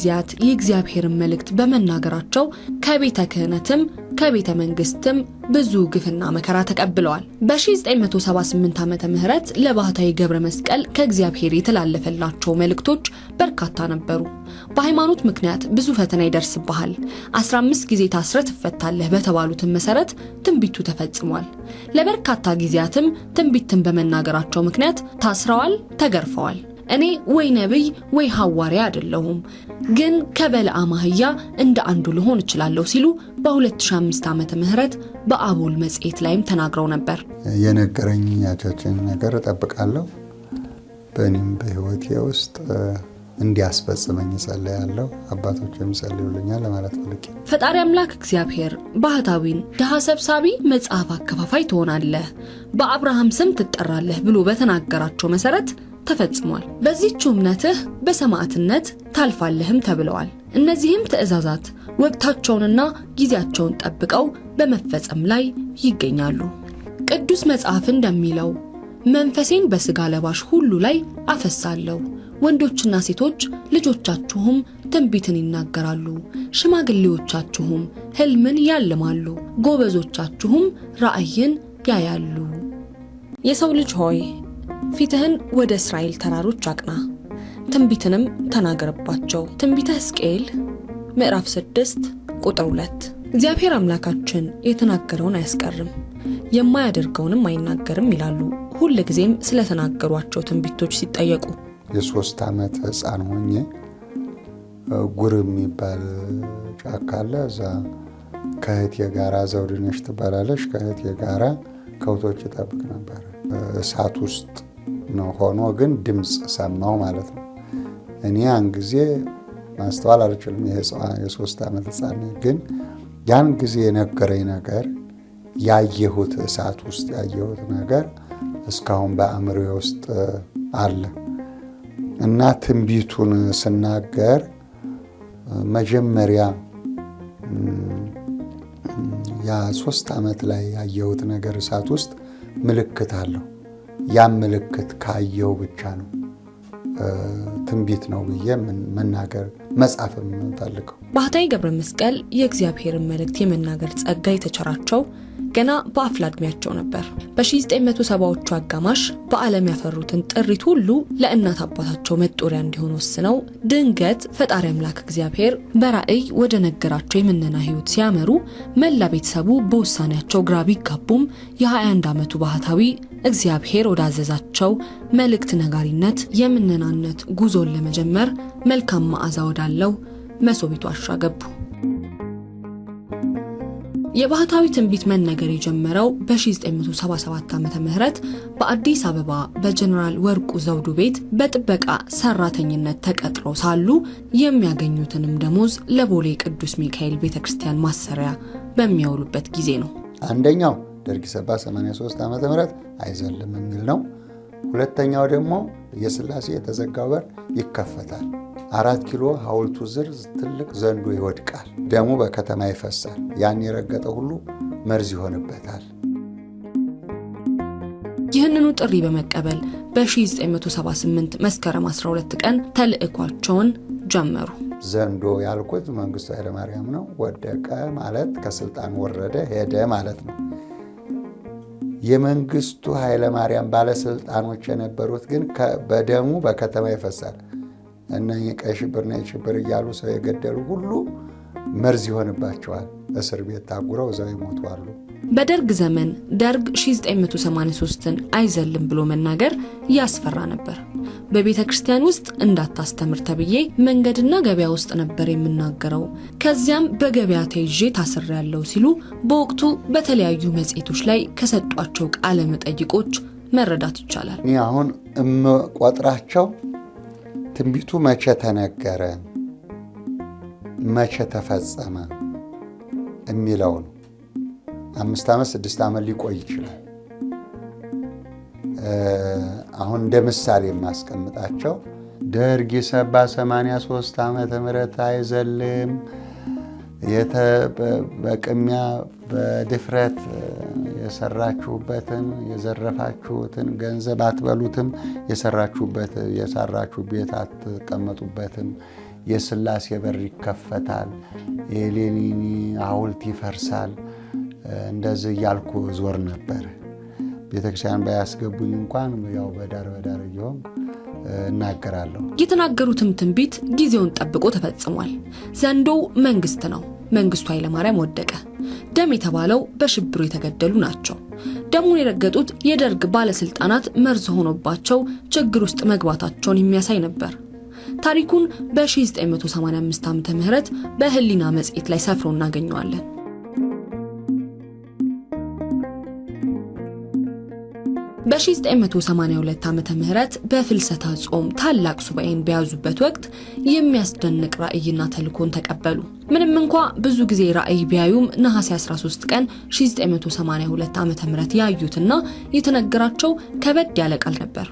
ጊዜያት የእግዚአብሔርን መልእክት በመናገራቸው ከቤተ ክህነትም ከቤተ መንግስትም ብዙ ግፍና መከራ ተቀብለዋል። በ1978 ዓመተ ምህረት ለባህታዊ ገብረ መስቀል ከእግዚአብሔር የተላለፈላቸው መልእክቶች በርካታ ነበሩ። በሃይማኖት ምክንያት ብዙ ፈተና ይደርስብሃል፣ 15 ጊዜ ታስረ ትፈታለህ በተባሉትን መሰረት ትንቢቱ ተፈጽሟል። ለበርካታ ጊዜያትም ትንቢትን በመናገራቸው ምክንያት ታስረዋል፣ ተገርፈዋል። እኔ ወይ ነቢይ ወይ ሐዋርያ አይደለሁም፣ ግን ከበለዓም ማህያ እንደ አንዱ ልሆን እችላለሁ ሲሉ በ2005 ዓመተ ምህረት በአቦል መጽሔት ላይም ተናግረው ነበር። የነገረኝ ያቻችን ነገር እጠብቃለሁ፣ በእኔም በህይወቴ ውስጥ እንዲያስፈጽመኝ እጸልያለሁ፣ አባቶች ጸልዩልኛል ለማለት ፈልጌ። ፈጣሪ አምላክ እግዚአብሔር ባህታዊን ድሃ ሰብሳቢ፣ መጽሐፍ አከፋፋይ ትሆናለህ፣ በአብርሃም ስም ትጠራለህ ብሎ በተናገራቸው መሰረት ተፈጽሟል። በዚህች እምነትህ በሰማዕትነት ታልፋለህም ተብለዋል። እነዚህም ትእዛዛት ወቅታቸውንና ጊዜያቸውን ጠብቀው በመፈጸም ላይ ይገኛሉ። ቅዱስ መጽሐፍ እንደሚለው መንፈሴን በሥጋ ለባሽ ሁሉ ላይ አፈሳለሁ፣ ወንዶችና ሴቶች ልጆቻችሁም ትንቢትን ይናገራሉ፣ ሽማግሌዎቻችሁም ሕልምን ያልማሉ፣ ጎበዞቻችሁም ራእይን ያያሉ። የሰው ልጅ ሆይ ፊትህን ወደ እስራኤል ተራሮች አቅና፣ ትንቢትንም ተናገርባቸው። ትንቢተ ሕዝቅኤል ምዕራፍ 6 ቁጥር 2 እግዚአብሔር አምላካችን የተናገረውን አያስቀርም የማያደርገውንም አይናገርም ይላሉ። ሁል ጊዜም ስለተናገሯቸው ትንቢቶች ሲጠየቁ የሶስት ዓመት ህፃን ሆኜ ጉር የሚባል ጫካለ እዛ ከህት የጋራ ዘውድነሽ ትባላለች። ከህት የጋራ ከውቶች ይጠብቅ ነበር እሳት ውስጥ ነው ሆኖ ግን ድምፅ ሰማው ማለት ነው። እኔ ያን ጊዜ ማስተዋል አልችልም። የሶስት ዓመት ሕፃን ግን ያን ጊዜ የነገረኝ ነገር ያየሁት እሳት ውስጥ ያየሁት ነገር እስካሁን በአእምሮ ውስጥ አለ እና ትንቢቱን ስናገር መጀመሪያ ያ ሶስት ዓመት ላይ ያየሁት ነገር እሳት ውስጥ ምልክት አለው። ያን ምልክት ካየው ብቻ ነው ትንቢት ነው ብዬ መናገር መጽፍ የምንፈልገው። ባህታዊ ገብረ መስቀል የእግዚአብሔርን መልእክት የመናገር ጸጋ የተቸራቸው ገና በአፍላ ዕድሜያቸው ነበር። በ1970ዎቹ አጋማሽ በዓለም ያፈሩትን ጥሪት ሁሉ ለእናት አባታቸው መጦሪያ እንዲሆን ወስነው ድንገት ፈጣሪ አምላክ እግዚአብሔር በራእይ ወደ ነገራቸው የምነና ህይወት ሲያመሩ መላ ቤተሰቡ በውሳኔያቸው ግራ ቢጋቡም የ21 ዓመቱ ባህታዊ እግዚአብሔር ወዳዘዛቸው መልእክት ነጋሪነት የምንናነት ጉዞን ለመጀመር መልካም ማዕዛ ወዳለው መሶቢቱ ዋሻ ገቡ። የባህታዊ ትንቢት መነገር የጀመረው በ1977 ዓ ም በአዲስ አበባ በጀኔራል ወርቁ ዘውዱ ቤት በጥበቃ ሰራተኝነት ተቀጥረው ሳሉ የሚያገኙትንም ደሞዝ ለቦሌ ቅዱስ ሚካኤል ቤተ ክርስቲያን ማሰሪያ በሚያውሉበት ጊዜ ነው። አንደኛው ደርግ ሰባ 83 ዓ ም አይዘልም የሚል ነው። ሁለተኛው ደግሞ የስላሴ የተዘጋው በር ይከፈታል። አራት ኪሎ ሐውልቱ ዝር ትልቅ ዘንዶ ይወድቃል። ደሙ በከተማ ይፈሳል። ያን የረገጠ ሁሉ መርዝ ይሆንበታል። ይህንኑ ጥሪ በመቀበል በ1978 መስከረም 12 ቀን ተልዕኳቸውን ጀመሩ። ዘንዶ ያልኩት መንግስቱ ኃይለማርያም ነው። ወደቀ ማለት ከስልጣን ወረደ ሄደ ማለት ነው። የመንግስቱ ኃይለማርያም ባለስልጣኖች የነበሩት ግን በደሙ በከተማ ይፈሳል። እና ቀይ ሽብርና የሽብር እያሉ ሰው የገደሉ ሁሉ መርዝ ይሆንባቸዋል። እስር ቤት ታጉረው እዛው ይሞቱ አሉ። በደርግ ዘመን ደርግ 1983ን አይዘልም ብሎ መናገር ያስፈራ ነበር። በቤተ ክርስቲያን ውስጥ እንዳታስተምር ተብዬ መንገድና ገበያ ውስጥ ነበር የምናገረው። ከዚያም በገበያ ተይዤ ታስሬ ያለው ሲሉ በወቅቱ በተለያዩ መጽሔቶች ላይ ከሰጧቸው ቃለ መጠይቆች መረዳት ይቻላል። እኔ አሁን እምቆጥራቸው ትንቢቱ መቼ ተነገረ፣ መቼ ተፈጸመ የሚለው ነው። አምስት ዓመት ስድስት ዓመት ሊቆይ ይችላል። አሁን እንደ ምሳሌ የማስቀምጣቸው ደርግ የሰባ 83 ዓመተ ምህረት አይዘልም በቅሚያ በድፍረት የሰራችሁበትን የዘረፋችሁትን ገንዘብ አትበሉትም፣ የሰራችሁበት የሰራችሁ ቤት አትቀመጡበትም፣ የስላሴ በር ይከፈታል፣ የሌኒኒ ሐውልት ይፈርሳል እንደዚህ እያልኩ ዞር ነበር። ቤተክርስቲያን ባያስገቡኝ እንኳን ያው በዳር በዳር እየሆን እናገራለሁ። የተናገሩትም ትንቢት ጊዜውን ጠብቆ ተፈጽሟል። ዘንዶ መንግስት ነው። መንግስቱ ኃይለማርያም ወደቀ። ደም የተባለው በሽብሩ የተገደሉ ናቸው። ደሙን የረገጡት የደርግ ባለስልጣናት መርዝ ሆኖባቸው ችግር ውስጥ መግባታቸውን የሚያሳይ ነበር። ታሪኩን በ1985 ዓ ም በህሊና መጽሔት ላይ ሰፍሮ እናገኘዋለን። በ1982 ዓ ም በፍልሰታ ጾም ታላቅ ሱባኤን በያዙበት ወቅት የሚያስደንቅ ራዕይና ተልኮን ተቀበሉ። ምንም እንኳ ብዙ ጊዜ ራእይ ቢያዩም ነሐሴ 13 ቀን 1982 ዓ ም ያዩትና የተነገራቸው ከበድ ያለ ቃል ነበር።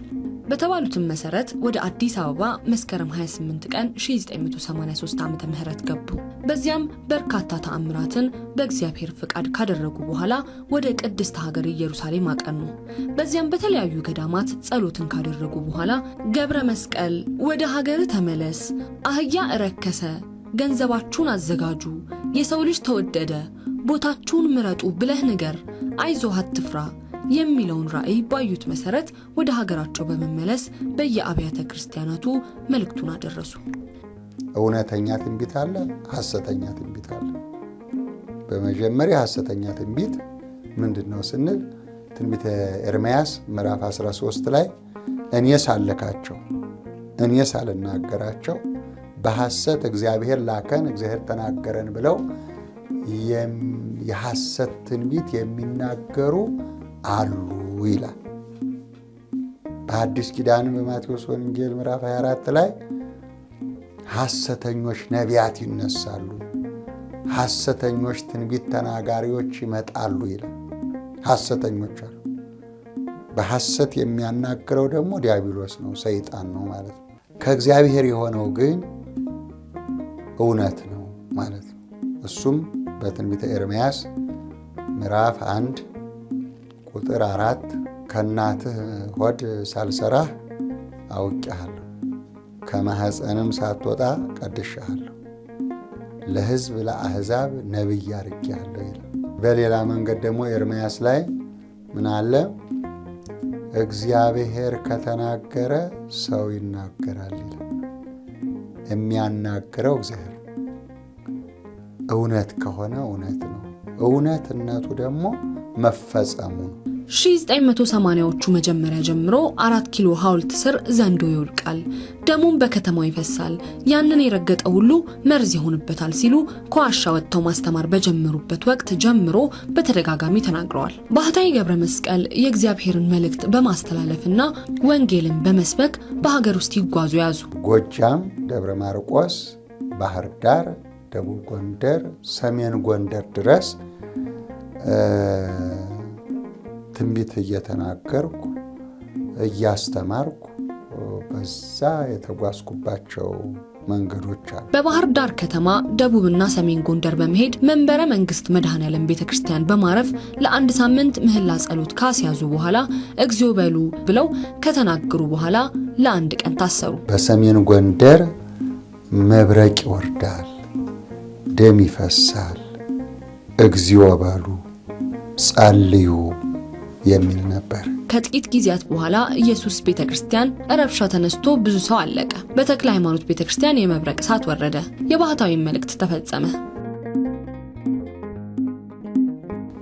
በተባሉትም መሰረት ወደ አዲስ አበባ መስከረም 28 ቀን 1983 ዓ ምህረት ገቡ። በዚያም በርካታ ተአምራትን በእግዚአብሔር ፍቃድ ካደረጉ በኋላ ወደ ቅድስት ሀገር ኢየሩሳሌም አቀኑ። በዚያም በተለያዩ ገዳማት ጸሎትን ካደረጉ በኋላ ገብረ መስቀል ወደ ሀገር ተመለስ፣ አህያ እረከሰ፣ ገንዘባችሁን አዘጋጁ፣ የሰው ልጅ ተወደደ፣ ቦታችሁን ምረጡ ብለህ ንገር፣ አይዞህ አትፍራ የሚለውን ራዕይ ባዩት መሰረት ወደ ሀገራቸው በመመለስ በየአብያተ ክርስቲያናቱ መልእክቱን አደረሱ። እውነተኛ ትንቢት አለ፣ ሐሰተኛ ትንቢት አለ። በመጀመሪያ ሐሰተኛ ትንቢት ምንድን ነው ስንል ትንቢተ ኤርምያስ ምዕራፍ 13 ላይ እኔ ሳልልካቸው እኔ ሳልናገራቸው በሐሰት እግዚአብሔር ላከን እግዚአብሔር ተናገረን ብለው የሐሰት ትንቢት የሚናገሩ አሉ ይላል። በአዲስ ኪዳን በማቴዎስ ወንጌል ምዕራፍ 24 ላይ ሐሰተኞች ነቢያት ይነሳሉ፣ ሐሰተኞች ትንቢት ተናጋሪዎች ይመጣሉ ይላል። ሐሰተኞች አሉ። በሐሰት የሚያናግረው ደግሞ ዲያብሎስ ነው፣ ሰይጣን ነው ማለት ነው። ከእግዚአብሔር የሆነው ግን እውነት ነው ማለት ነው። እሱም በትንቢተ ኤርምያስ ምዕራፍ አንድ ቁጥር አራት ከእናትህ ሆድ ሳልሰራህ አውቄሃለሁ፣ ከማኅፀንም ሳትወጣ ቀድሼሃለሁ፣ ለሕዝብ ለአሕዛብ ነቢይ አድርጌሃለሁ ይላል። በሌላ መንገድ ደግሞ ኤርምያስ ላይ ምን አለ? እግዚአብሔር ከተናገረ ሰው ይናገራል ይላል። የሚያናግረው እግዚአብሔር እውነት ከሆነ እውነት ነው። እውነትነቱ ደግሞ መፈጸሙ ነው። 1980ዎቹ መጀመሪያ ጀምሮ አራት ኪሎ ሐውልት ስር ዘንዶ ይወድቃል፣ ደሙም በከተማው ይፈሳል፣ ያንን የረገጠ ሁሉ መርዝ ይሆንበታል ሲሉ ከዋሻ ወጥተው ማስተማር በጀመሩበት ወቅት ጀምሮ በተደጋጋሚ ተናግረዋል። ባህታዊ ገብረ መስቀል የእግዚአብሔርን መልእክት በማስተላለፍና ወንጌልን በመስበክ በሀገር ውስጥ ይጓዙ ያዙ። ጎጃም፣ ደብረ ማርቆስ፣ ባህር ዳር፣ ደቡብ ጎንደር፣ ሰሜን ጎንደር ድረስ ትንቢት እየተናገርኩ እያስተማርኩ በዛ የተጓዝኩባቸው መንገዶች አሉ። በባህር ዳር ከተማ ደቡብና ሰሜን ጎንደር በመሄድ መንበረ መንግስት መድኃኔዓለም ቤተ ክርስቲያን በማረፍ ለአንድ ሳምንት ምህላ ጸሎት ካስያዙ በኋላ እግዚኦ በሉ ብለው ከተናገሩ በኋላ ለአንድ ቀን ታሰሩ። በሰሜን ጎንደር መብረቅ ይወርዳል፣ ደም ይፈሳል፣ እግዚኦ በሉ ጸልዩ የሚል ነበር። ከጥቂት ጊዜያት በኋላ ኢየሱስ ቤተ ክርስቲያን ረብሻ ተነስቶ ብዙ ሰው አለቀ። በተክለ ሃይማኖት ቤተ ክርስቲያን የመብረቅ እሳት ወረደ። የባህታዊ መልእክት ተፈጸመ።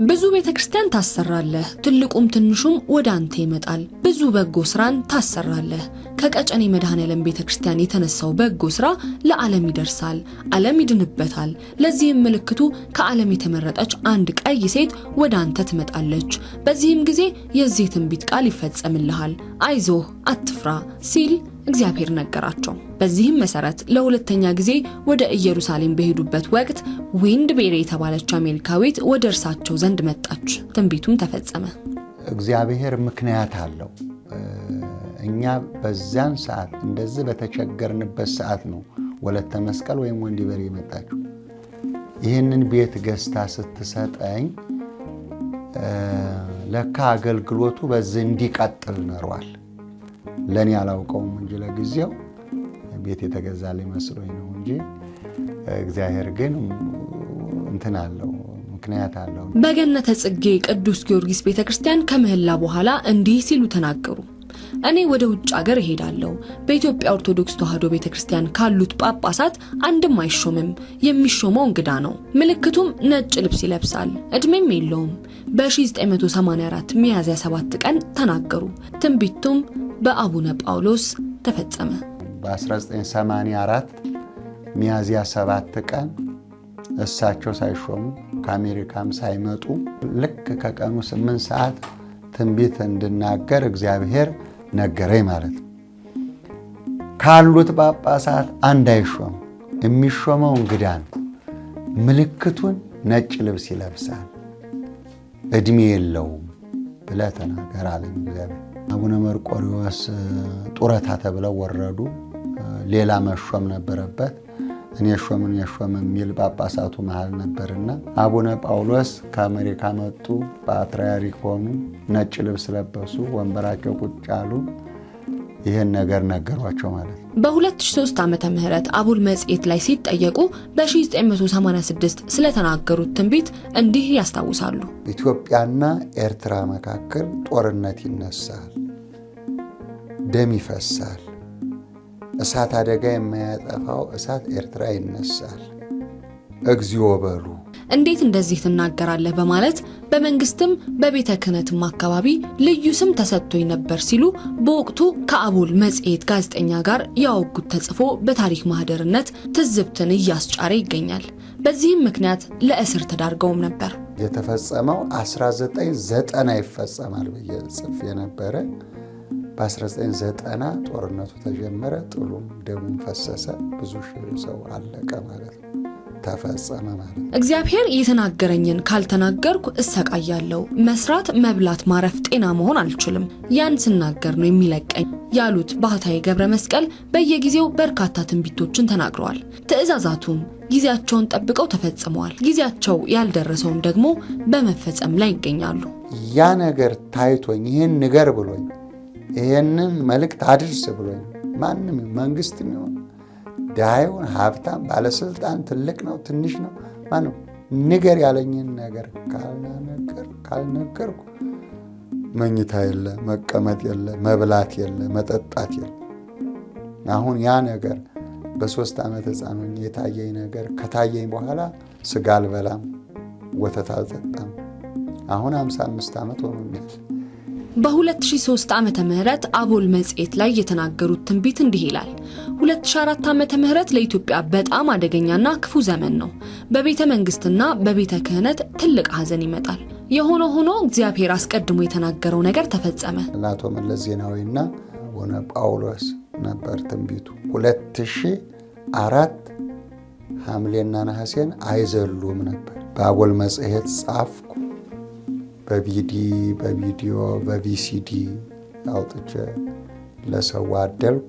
ብዙ ቤተ ክርስቲያን ታሰራለህ፣ ትልቁም ትንሹም ወደ አንተ ይመጣል። ብዙ በጎ ስራን ታሰራለህ። ከቀጨኔ መድኃኔዓለም ቤተ ክርስቲያን የተነሳው በጎ ስራ ለዓለም ይደርሳል፣ ዓለም ይድንበታል። ለዚህም ምልክቱ ከዓለም የተመረጠች አንድ ቀይ ሴት ወደ አንተ ትመጣለች። በዚህም ጊዜ የዚህ ትንቢት ቃል ይፈጸምልሃል፣ አይዞህ አትፍራ ሲል እግዚአብሔር ነገራቸው። በዚህም መሰረት ለሁለተኛ ጊዜ ወደ ኢየሩሳሌም በሄዱበት ወቅት ዊንድ ቤሬ የተባለች አሜሪካዊት ወደ እርሳቸው ዘንድ መጣች። ትንቢቱም ተፈጸመ። እግዚአብሔር ምክንያት አለው። እኛ በዛን ሰዓት እንደዚህ በተቸገርንበት ሰዓት ነው ወለተ መስቀል ወይም ወንድ በሬ የመጣችው። ይህንን ቤት ገዝታ ስትሰጠኝ ለካ አገልግሎቱ በዚህ እንዲቀጥል ነሯል። ለእኔ አላውቀውም እንጂ ለጊዜው ቤት የተገዛልኝ መስሎኝ ነው እንጂ እግዚአብሔር ግን እንትን አለው ምክንያት አለው። በገነተ ጽጌ ቅዱስ ጊዮርጊስ ቤተ ክርስቲያን ከምህላ በኋላ እንዲህ ሲሉ ተናገሩ። እኔ ወደ ውጭ አገር እሄዳለሁ። በኢትዮጵያ ኦርቶዶክስ ተዋሕዶ ቤተ ክርስቲያን ካሉት ጳጳሳት አንድም አይሾምም። የሚሾመው እንግዳ ነው። ምልክቱም ነጭ ልብስ ይለብሳል። እድሜም የለውም። በ1984 ሚያዝያ 7 ቀን ተናገሩ። ትንቢቱም በአቡነ ጳውሎስ ተፈጸመ። በ1984 ሚያዝያ 7 ቀን እሳቸው ሳይሾሙ ከአሜሪካም ሳይመጡ ልክ ከቀኑ ስምንት ሰዓት ትንቢት እንድናገር እግዚአብሔር ነገረኝ ማለት ነው። ካሉት ጳጳሳት አንድ አይሾም፣ የሚሾመው እንግዳ ነው። ምልክቱን ነጭ ልብስ ይለብሳል፣ እድሜ የለውም ብለህ ተናገር አለኝ እግዚአብሔር። አቡነ መርቆሪዎስ ጡረታ ተብለው ወረዱ። ሌላ መሾም ነበረበት። እኔ ሾምን የሾም የሚል ጳጳሳቱ መሃል ነበርና አቡነ ጳውሎስ ከአሜሪካ መጡ። ፓትርያርክ ሆኑ። ነጭ ልብስ ለበሱ። ወንበራቸው ቁጭ አሉ። ይህን ነገር ነገሯቸው ማለት ነው። በ2003 ዓመተ ምህረት አቡል መጽሔት ላይ ሲጠየቁ በ1986 ስለተናገሩት ትንቢት እንዲህ ያስታውሳሉ። ኢትዮጵያና ኤርትራ መካከል ጦርነት ይነሳል፣ ደም ይፈሳል እሳት አደጋ የማያጠፋው እሳት ኤርትራ ይነሳል። እግዚኦ በሉ እንዴት እንደዚህ ትናገራለህ? በማለት በመንግስትም በቤተ ክህነትም አካባቢ ልዩ ስም ተሰጥቶኝ ነበር ሲሉ በወቅቱ ከአቦል መጽሔት ጋዜጠኛ ጋር ያወጉት ተጽፎ በታሪክ ማህደርነት ትዝብትን እያስጫረ ይገኛል። በዚህም ምክንያት ለእስር ተዳርገውም ነበር። የተፈጸመው 1990 ይፈጸማል ብዬ ጽፍ የነበረ በ1990 ጦርነቱ ተጀመረ። ጥሉም ደሙም ፈሰሰ። ብዙ ሺህ ሰው አለቀ ማለት ነው። ተፈጸመ ማለት እግዚአብሔር የተናገረኝን ካልተናገርኩ እሰቃያለሁ፣ መስራት፣ መብላት፣ ማረፍ፣ ጤና መሆን አልችልም፣ ያን ስናገር ነው የሚለቀኝ ያሉት ባህታዊ ገብረ መስቀል በየጊዜው በርካታ ትንቢቶችን ተናግረዋል። ትእዛዛቱም ጊዜያቸውን ጠብቀው ተፈጽመዋል። ጊዜያቸው ያልደረሰውም ደግሞ በመፈጸም ላይ ይገኛሉ። ያ ነገር ታይቶኝ ይህን ንገር ብሎኝ ይህንን መልእክት አድርስ ብሎኝ ማንም መንግስት የሚሆን ድሃዩን፣ ሀብታም፣ ባለስልጣን፣ ትልቅ ነው ትንሽ ነው ማነው ንገር ያለኝን ነገር ካልነገር ካልነገርኩ መኝታ የለ፣ መቀመጥ የለ፣ መብላት የለ፣ መጠጣት የለ። አሁን ያ ነገር በሶስት ዓመት ሕፃን ሆኜ የታየኝ ነገር ከታየኝ በኋላ ስጋ አልበላም፣ ወተት አልጠጣም። አሁን 55 ዓመት ሆኖኛል። በ2003 ዓመተ ምህረት አቦል መጽሔት ላይ የተናገሩት ትንቢት እንዲህ ይላል። 2004 ዓመተ ምህረት ለኢትዮጵያ በጣም አደገኛና ክፉ ዘመን ነው። በቤተ መንግስትና በቤተ ክህነት ትልቅ ሀዘን ይመጣል። የሆነ ሆኖ እግዚአብሔር አስቀድሞ የተናገረው ነገር ተፈጸመ። አቶ መለስ ዜናዊና አቡነ ጳውሎስ ነበር ትንቢቱ 2004 ሐምሌና ነሐሴን አይዘሉም ነበር። በአቦል መጽሔት ጻፍኩ። በቪዲ በቪዲዮ በቪሲዲ አውጥቼ ለሰው አደልኩ።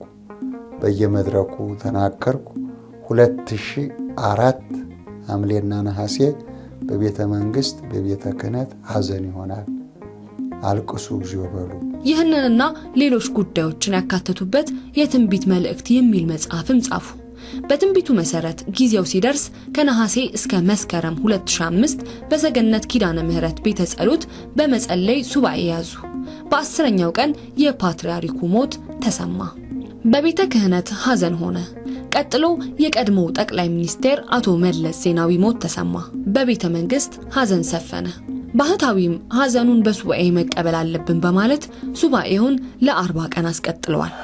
በየመድረኩ ተናገርኩ። 2004 አምሌና ሐምሌና ነሐሴ በቤተ መንግስት በቤተ ክህነት ሐዘን ይሆናል። አልቅሱ እግዚኦ በሉ። ይህንንና ሌሎች ጉዳዮችን ያካተቱበት የትንቢት መልእክት የሚል መጽሐፍም ጻፉ። በትንቢቱ መሰረት ጊዜው ሲደርስ ከነሐሴ እስከ መስከረም 2005 በሰገነት ኪዳነ ምህረት ቤተ ጸሎት በመጸለይ ሱባኤ ያዙ። በአስረኛው ቀን የፓትርያርኩ ሞት ተሰማ። በቤተ ክህነት ሐዘን ሆነ። ቀጥሎ የቀድሞው ጠቅላይ ሚኒስቴር አቶ መለስ ዜናዊ ሞት ተሰማ። በቤተ መንግሥት ሐዘን ሰፈነ። ባህታዊም ሐዘኑን በሱባኤ መቀበል አለብን በማለት ሱባኤውን ለአርባ ቀን አስቀጥለዋል።